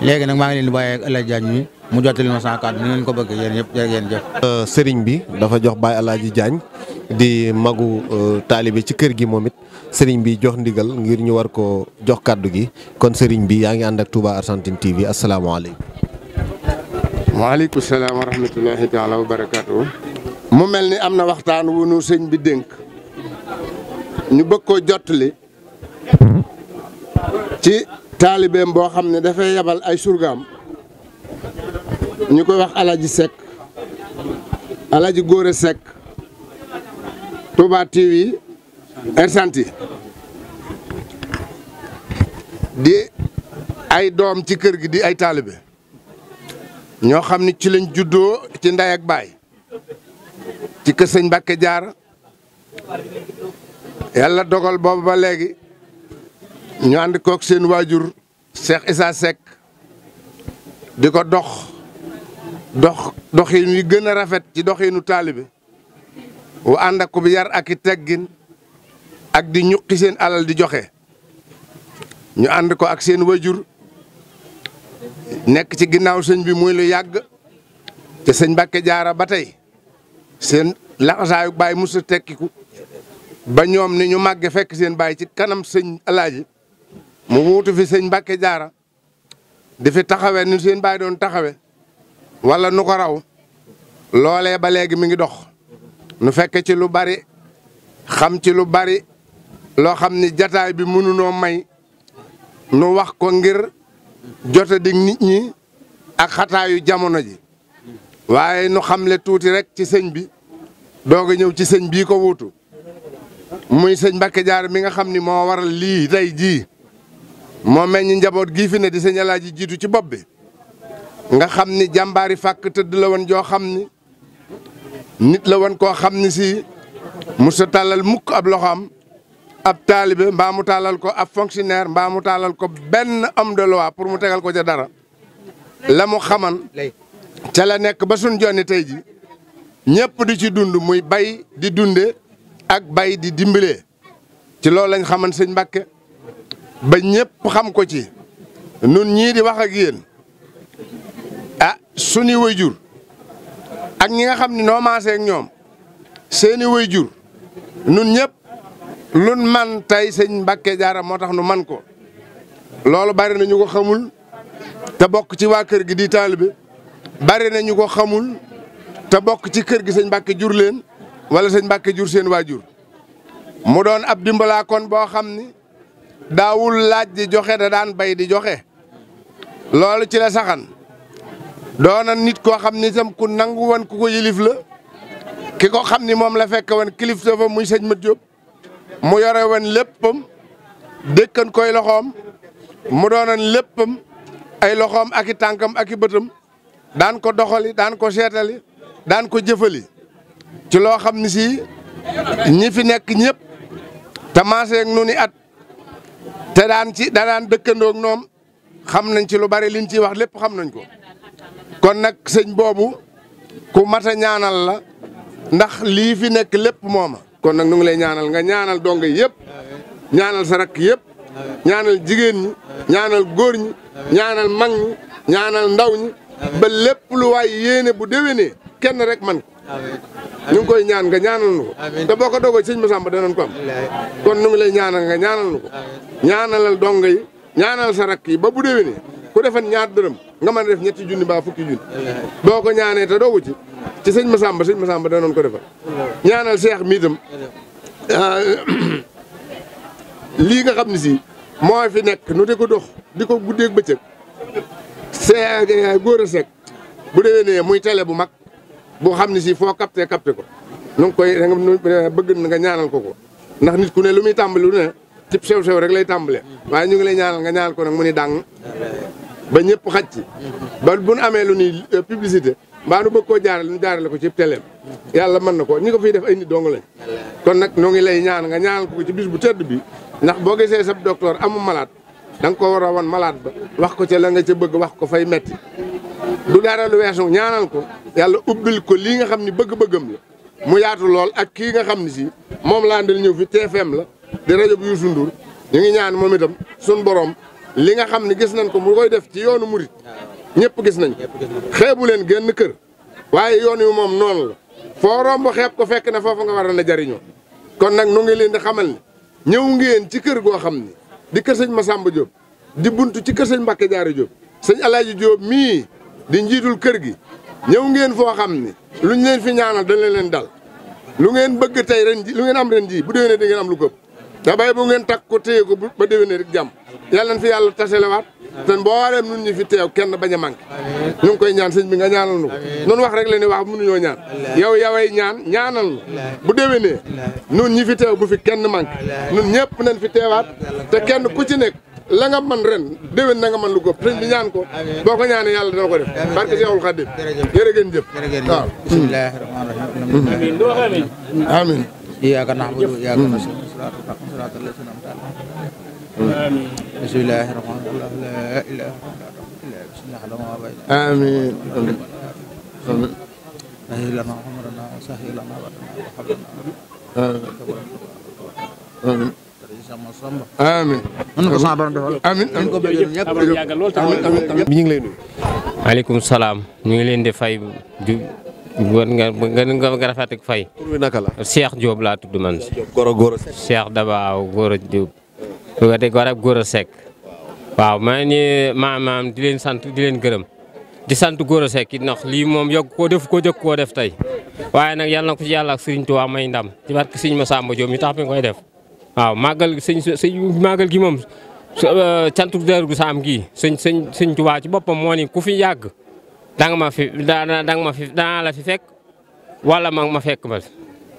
léegi nag maa ngi leen di bàyyi ak El Hadj mi mu jottali ma sama kàddu ni ngeen ko bëgg yéen yëpp jërë ngeen euh, sëriñ bi dafa jox Baye El Hadj di magu euh, taalibe ci kër gi moom it sëriñ bi jox ndigal ngir ñu war ko jox kàddu gi kon sëriñ bi yaa ngi ànd ak Touba Argentine TV asalaamaaleykum. waaleykum salaam wa rahmatulahi taala wa mu mel ni am na waxtaan wu nu sëñ bi dénk. ñu bëgg koo jottali. ci taalibeem boo xam ne dafay yabal ay surgaam ñu koy wax alaji Seck alaji Góore Seck Touba TV Arsanti di ay doom ci kër gi di ay taalibe ñoo xam ni ci lañ juddoo ci nday ak baay ci kër sëñ Mbàkke Jaar yàlla dogal boobu ba léegi ñu ànd kook seen waajur Cheikh Issa Seck di ko dox dox doxin wi gën a rafet ci doxiinu taalibe wu ànd ak ko bi yar ak i teggin ak di ñuqi seen alal di joxe ñu ànd ko ak seen waajur nekk ci ginnaaw sëñ bi muy lu yàgg te sëñ Mbàkke jaara ba tey seen laxasaayu baay musa tekkiku ba ñoom ne ñu màgge fekk seen baay ci kanam sëñ alaaji mu wuutu fi sëñ Mbàkke Jaara di fi taxawee ni seen baay doon taxawe walla nu ko raw loole ba léegi mi ngi dox nu fekke ci lu bari xam ci lu bari loo xam ni jataay bi mënunoo may nu wax ko ngir jota dig nit ñi ak xataayu jamono ji waaye nu le tuuti rek ci sëñ bi doog ñëw ci sëñ bii ko wuutu muy sëñ Mbàkke Jaara mi nga xam ni moo waral lii tey jii moo meññ njaboot gii fi ne di sëñ Alaaji jiitu ci bopp bi nga xam ni jàmbaari fàkk tëdd la woon joo xam ni nit la woon koo xam ni si musa tàllal mukk ab loxoom ab taalibe mbaa mu tàllal ko ab fonctionnaire mbaa mu tàllal ko benn homme de loi pour mu tegal ko ca dara la mu xaman ca la nekk ba suñ jonni tey ji ñëpp di ci dund muy bay di dunde ak bay di dimbalee ci loolu lañ xaman sëñ Mbàkke ba ñëpp xam ko ci nun ñii di wax ak yéen ah sunu wayjur ak ñi nga xam ne noo maasee ak ñoom seeni wayjur nun ñépp lun man tey sëñ Mbàkke Jaara moo tax nu man ko loolu bari na ñu ko xamul te bokk ci waa kër gi di taalibe bari na ñu ko xamul te bokk ci kër gi sëñ Mbàkke jur leen wala sëñ Mbàkke jur seen waajur mu doon ab dimbalaa boo xam ni daawul laaj di joxe da daan bay di joxe loolu ci la saxan doona nit koo xam ni sam ku nangu woon ku ko yilif la ki ko xam ni moom la fekk woon kilif fa muy sëñ Mat Jóob mu yore woon léppam dëkkan koy loxoom mu doonoon léppam ay loxoom ak tànkam aki bëtam daan ko doxali daan ko seetali daan ko jëfali ci loo xam ni si ñi fi nekk ñëpp te maasee at te daan ci daan dëkkandoog noom xam nañ ci lu bari liñ ciy wax lépp xam nañ ko kon nag sëñ boobu ku mat a ñaanal la ndax lii fi nekk lépp mooma kon nag nu lay ñaanal nga ñaanal dong yëpp ñaanal sa rakk yëpp ñaanal jigéen ñi ñaanal góor ñi ñaanal mag ñi ñaanal ndaw ñi ba lépp lu waay yéene bu déwénee kenn rek man ñu ngi koy ñaan nga ñaanal nu ko te boo ko doogoo sëñ Masamba danañ ko am kon nu ngi lay ñaanal nga ñaanal nu ko ñaanalal dong yi ñaanal sa yi ba bu déwénee ku defan ñaar dërëm nga ma a def ñetti junni baa fukki junni boo ko ñaanee te doogu ci ci sëñ Masamba sëñ Masamba danañ ko defal ñaanal seex mi itam ah, lii nga xam ne si moo fi nekk nu di ko dox di ko guddeeg bëccëg see eh, góor a sekk bu déwénee muy tele bu mag boo xam ne si foo capté capté ko nu ngi koy bëgg na nga ñaanal ko ko ndax nit ku ne lu muy tàmbali lu ne cib sew sew rek lay tàmbalee waaye ñu ngi lay ñaanal nga ñaanal ko nag mu ni dàng ba ñëpp xaj ci ba bu nu amee lu ñuy euh, publicité mbaa nu bëgg koo jaarale nu jaarale ko ci teleem yàlla mën na ko ñi ko fiy def ay nit dong lañ kon nag ñoo ngi lay ñaan nga ñaanal ko ci bis bu tedd bi ndax boo gisee sab docteur amu malade da ko war a wan malade ba wax ko ca la nga ca bëgg wax ko fay metti du dara lu weesu ñaanal ko yàlla ubbil ko lii nga xam ni bëgg-bëggam la mu yaatu lool ak kii nga xam ni si moom laa andal ñëw fi TFM la di rajo bu Youssou ñu ngi ñaan moom itam suñ boroom li nga xam ne gis nañ ko mu koy def ci yoonu murit ñëpp gis nañ xeebu leen génn kër waaye yoon yi moom noonu la foo romb xeeb ko fekk na foofu nga war a jariñoo kon nag nu ngi leen di xamal ñëw ngeen ci kër goo xam ni di kër sëñ Massamba Diop di buntu ci kër sëñ Mbacke Diarra Diop sëñ Alaaji Diop mii di njiitul kër gi ñëw ngeen foo xam lu luñ leen fi ñaanal dañ leen leen dal lu ngeen bëgg tey ji lu ngeen am ren ji bu déwénee di ngeen am lu këpp da bay bu ngeen takk ko téye ko ba déwénee rek jàmm yàlla na fi yàlla taselewaat te mbooleem nun ñu fi teew kenn bañ a manqué ñu ngi koy ñaan sëñ bi nga ñaanal nu ko nun wax rek la ni wax mënuñoo ñaan yow yaway ñaan ñaanal nu bu déwénee nun ñi fi teew bu fi kenn manqué nun ñëpp nañ fi teewaat te kenn ku ci nekk la nga man ren déwén na nga man lu góob sëñ bi ñaan ko boo ko ñaanee yàlla dana ko def barke Seexul Xaadim jërë ngeen jëf waaw bismillaahi rahmaani rahiim mm-hmm. amiin iyyaka na'budu wa iyyaka nasta'iin mm-hmm. bismillaahi rahmaani rahiim laa ngi lay nuyu salaam ñu ngi leen di fay du war nga fay tur bi naka la Cheikh Diop laa tudd man Cheikh Daba Aw Gora wete garab Gora Seck waaw maa ngi maam di leen sant di leen gërëm di sant Gora Seck it ndax lii moom yokk koo def koo jëkk koo def tey waaye nag yal na ko ci yàlla ak Serigne Touba may ndam ci barke Serigne Massamba Diop mi tax mi koy def waaw màggal sëñ sëñ màggal gi moom euh, cantu Daaru gu Saam gii sëñ sëñ sëñ ci boppam moo ni ku fi yàgg danga ma fi danga ma fi danaa la fi fekk wala ma ma fekk ma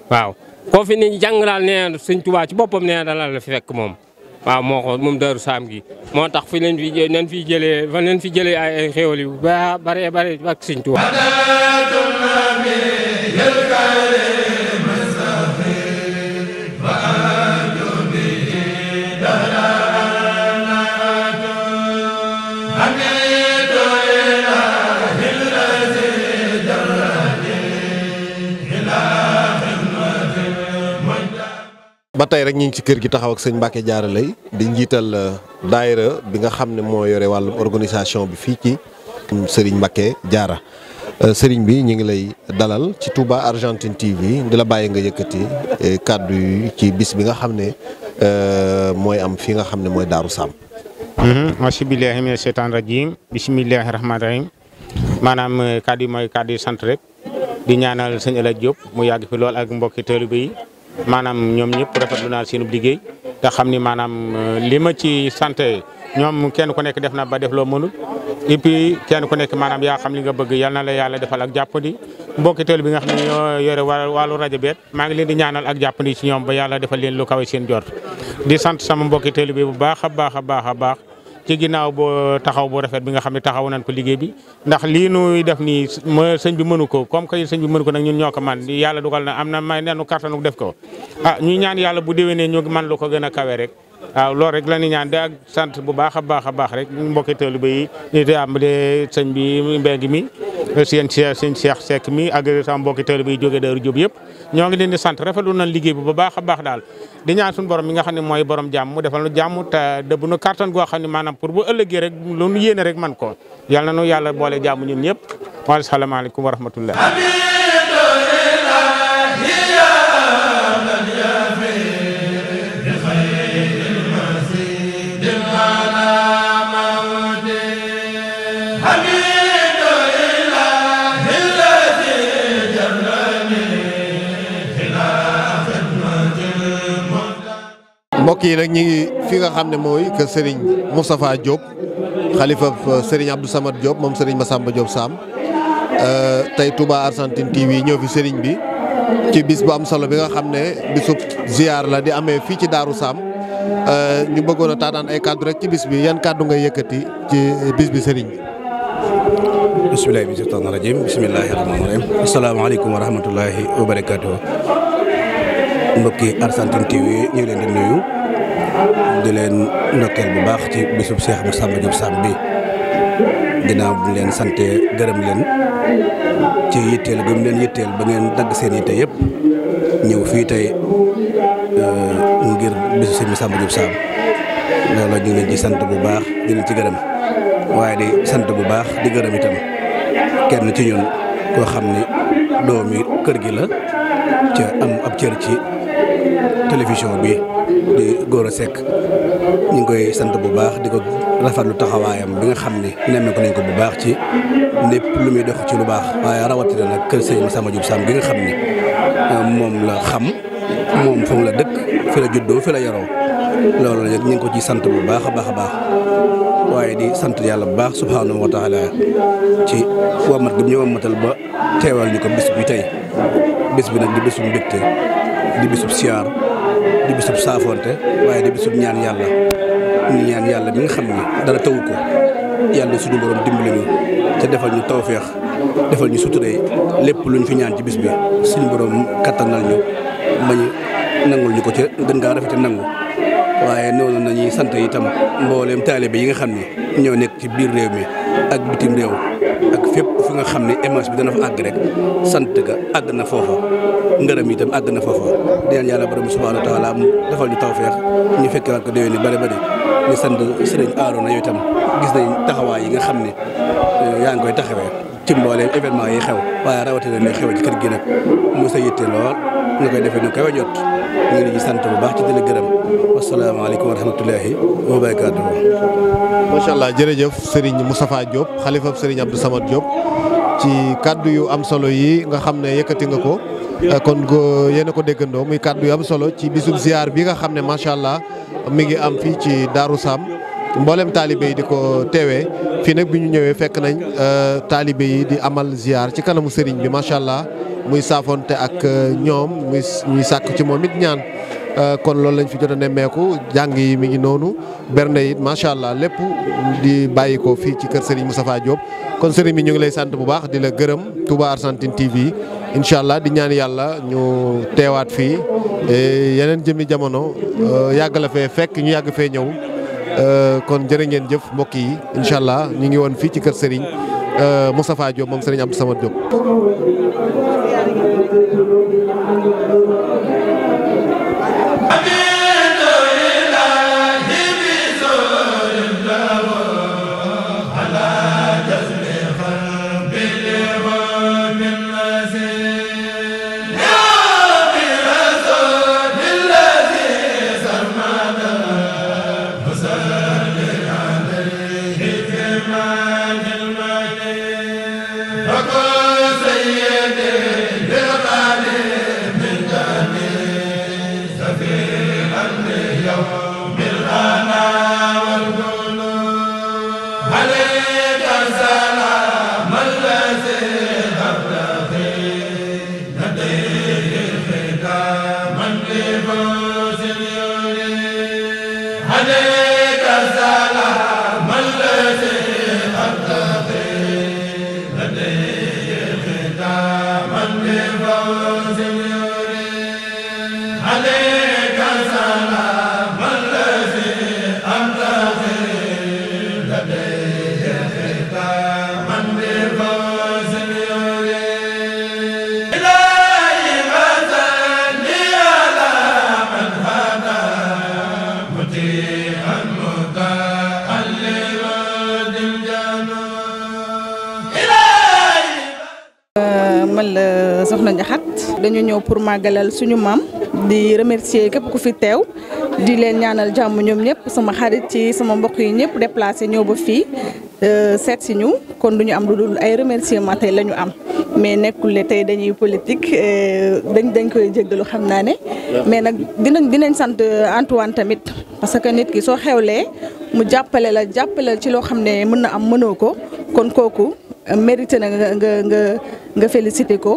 waaw koo fi ni jàng daal nee na sëñ Touba ci boppam nee na dana la fi fekk moom waaw moo ko moom Daaru Saam gi moo tax fi leen fi nañ fi jëlee fan leen fi jëlee ay xéwal yu baax bari bare siñ Sëñ Tuubaa ba tey rek ñu ngi ci kër gi taxaw ak sëñ Mbacke Diarra Leye di njiital euh, daayira bi nga xam ne moo yore wàllu organisation bi fii ci sëriñ Mbacke jaara euh, sëriñ bi ñu ngi lay dalal ci Touba Argentine TV di la bàyyi nga yëkkati euh, kàddu yi ci bis bi nga xam ne mooy am fii nga xam ne mooy Daaru Saam. Mhm. asibillahi mina seytaan rajim bisimilahi rahmaani rahim maanaam kàddu yi mooy kàddu yi sant rek di ñaanal sëñ El Hadj mu yàgg fi lool ak mbokki taalibe maanaam ñoom ñëpp rafetlu naa seenub liggéey te xam ni maanaam euh, li ma ci santé ñoom kenn ku nekk def na ba def loo mënul et puis kenn ku nekk maanaam yaa xam li nga bëgg yal na la yàlla defal ak jàpp jàppandi mbokkiteel bi nga xam ne ñoo yore wàllu rajo beet maa ngi leen di ñaanal ak jàpp jàppandi ci ñoom ba yàlla defal leen lu kawe seen joor di sant sama mbokkiteel bi baax a baax a baax ci ginnaaw boo taxaw boo rafet bi nga xam ne taxaw nañ ko liggéey bi ndax lii nuy def nii ma sëñ bi mënu ko comme que sëñ bi mënu ko nag ñun ñoo ko man yàlla dugal na am na may nenu kàttanu def ko a ah ñuy ñaan yàlla bu déwénee ñu man lu ko gën a kawe rek waaw loolu rek la ñu ñaan di sant bu baax a baax a baax rek mbokki taalibe yi di tàmbalee sëñ bi mbéy mi seen seen Cheikh Seck mi ak sama mbokki taalibe yi jógee Daaru Jóob yëpp ñoo ngi leen di sant rafetlu nañ liggéey bi bu baax a baax daal di ñaan suñu borom mi nga xam ne mooy borom jàmm mu defal nu jàmm dëbb nu kàttan goo xam ne maanaam pour bu ëllëgee rek lu nu yéene rek man ko yàlla na nu yàlla boole jàmm ñun ñëpp wa salaamaaleykum wa rahmatullah mbokk nag ñi ngi fi nga xam ne mooy que Serigne Moustapha Diop xalifa Serigne Abdou Samad Diop moom Serigne Massamba Diop Sam euh, tey Touba Argentine TV ñëw fi sëriñ bi ci bis bu am solo bi nga xam ne bisub ziar la di amee fii ci Daaru Sam euh, ñu bëggoon a taataan ay kàddu rek ci bis bi yan kàddu ngay yëkkati ci bis bi sëriñ bi. bisimilah bi seytaani rajim bisimilahi rahmaani rahim asalaamaaleykum wa rahmatulahi wa barakaatu. mbokki Argentine ñu ngi leen di nuyu. di leen ndokkeel bu baax ci bisub Seex Masamba Jóob Samb bi ginnaaw bi leen sante gërëm leen ci yitteel gëm leen yitteel ba ngeen dagg seen tey yëpp ñëw fii tey euh, ngir bisu Sëñ Masamba Jóob Samb loolu ñu ngi leen ci sant bu baax di leen ci gërëm waaye di sant bu baax di gërëm itam kenn ci ñun koo xam ne doomi kër gi la ca am ab cër ci télévision bi di a sekk ñu ngi koy sant bu baax di ko rafetlu taxawaayam bi nga xam ne nemmeeku nañ ko bu baax ci lépp lu muy dox ci lu baax waaye rawatina nag kër Serigne Massamba Diop Sam bi nga xam ne euh, moom la xam moom fu mu la dëkk fi la juddoo fi la yaroo loolu na ñu ngi ko ci sant bu baax a baax a baax waaye di sant yàlla bu baax subhaanahu wa taala ci wamat gi ñu wamatal ba teewal ñu ko bis bi tey bis bi nag di bisum mbégte di bisub siyaar di bisub saafoonte waaye di bisub ñaan yàlla ñu ñaan yàlla mi nga xam ni dara tawu ko yàlla suñu borom dimbali ñu te defal ñu tawféex defal ñu suture lépp lu ñu fi ñaan ci bis bi suñu borom kattanal ñu mañ nangul ñu ko ca gën ngaa rafete nangu waaye noonu nañuy sant itam mbooleem taalibe yi nga xam ni ñoo nekk ci biir réew mi ak bitim réew ak fépp fu nga xam ne émission bi dana fa àgg rek sant ga àgg na foofa ngërëm yi tam àgg na foofa di ñaan yàlla borom subhanahu wa taala mu defal ñu tawfeex ñu fekkewaat ko déwén ni bëri bëri ñu sant sëriñ Arouna yow itam gis nañ taxawaay yi nga xam ne euh, yaa ngi koy taxawee ci mboole événement yi xew waaye rawatina ne xew ci kër gi nag mu sa yitte lool nga koy defee nu kawe jot ñu ngi sant bu baax ci di la gërëm wasalaamaaleykum wa rahmatulahi wa barakaatuhu macha allah jërëjëf mu Moustapha Diop xalifa Serigne Abdou Samad Diop ci kàddu yu am solo yi nga xam ne yëkkati nga ko Euh, kon yéen a ko déggandoo muy kàddu yu am solo ci bisub ziar bi nga xam ne macha allah mi ngi am fii ci daaru Sam mbooleem taalibe yi di ko teewee fii nag bi ñu ñëwee fekk nañ euh, taalibe yi di amal ziar ci kanamu sëriñ bi macha allah muy saafonte ak euh, ñoom muy ñuy sàkk ci moom it ñaan. Euh, kon loolu lañ fi jot a nemmeeku jàng yi mi ngi noonu bernde it macha allah lépp di bàyyi ko fii ci kër Serigne Moustapha Diop. kon Serigne bi ñu ngi lay sant bu baax di la gërëm Touba Argentine TV incha allah di ñaan yàlla ñu teewaat fii yeneen jëmmi jamono euh, yàgg la fee fekk ñu yàgg fee ñëw. Euh, kon jërë ngeen jëf mbokk yi incha allah ñu ngi woon fii ci kër Serigne Moustapha Diop moom Serigne Abdou Samad Diop. dañu ñëw pour màggalal suñu maam di remercier képp ku fi teew di leen ñaanal jàmm ñoom ñëpp sama xarit ci sama mbokk yi ñëpp déplacé ñëw ba fii euh, seet si ñu kon ñu am lu dul ay remerciement tey la ñu am mais nekkul ne tey dañuy politique euh, dañ dañ koy jéggalu xam naa ne mais nag dinañ dinañ sant Antoine tamit parce que nit ki soo xewlee mu jàppale la jàppale ci loo xam ne mën na am mënoo ko kon kooku mérité na nga nga nga félicité ko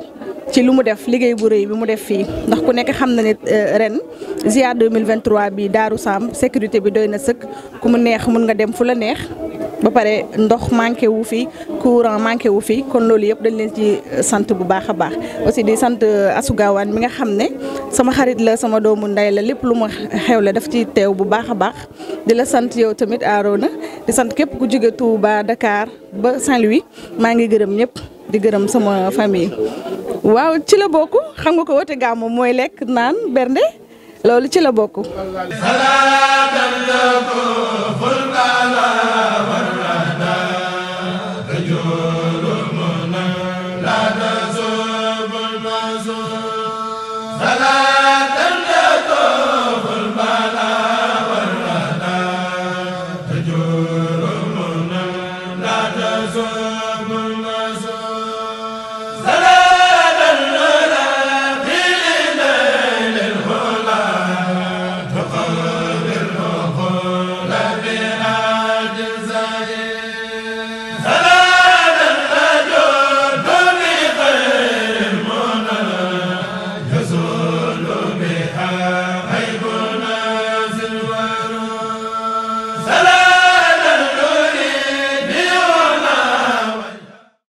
ci lu mu def liggéey bu rëy bi mu def fii ndax ku nekk xam na ne euh, ren ZIA 2023 bi Daaru Sam sécurité bi doy na sëkk ku mu neex mun nga dem fu la neex ba pare ndox manqué wu fi courant manqué wu fi kon loolu yëpp dañ leen ci euh, sant bu baax a baax aussi di sant euh, asugaawaan mi nga xam ne sama xarit la sama doomu ndey la lépp lu ma xew la daf ci teew bu baax a baax di la sant yow tamit Arona di sant képp ku jóge Touba Dakar ba Saint-Louis maa ngi gërëm ñëpp di gërëm sama famille waaw ci la bokk xam nga ko woote gàmmu mooy lekk naan bernde loolu ci la bokk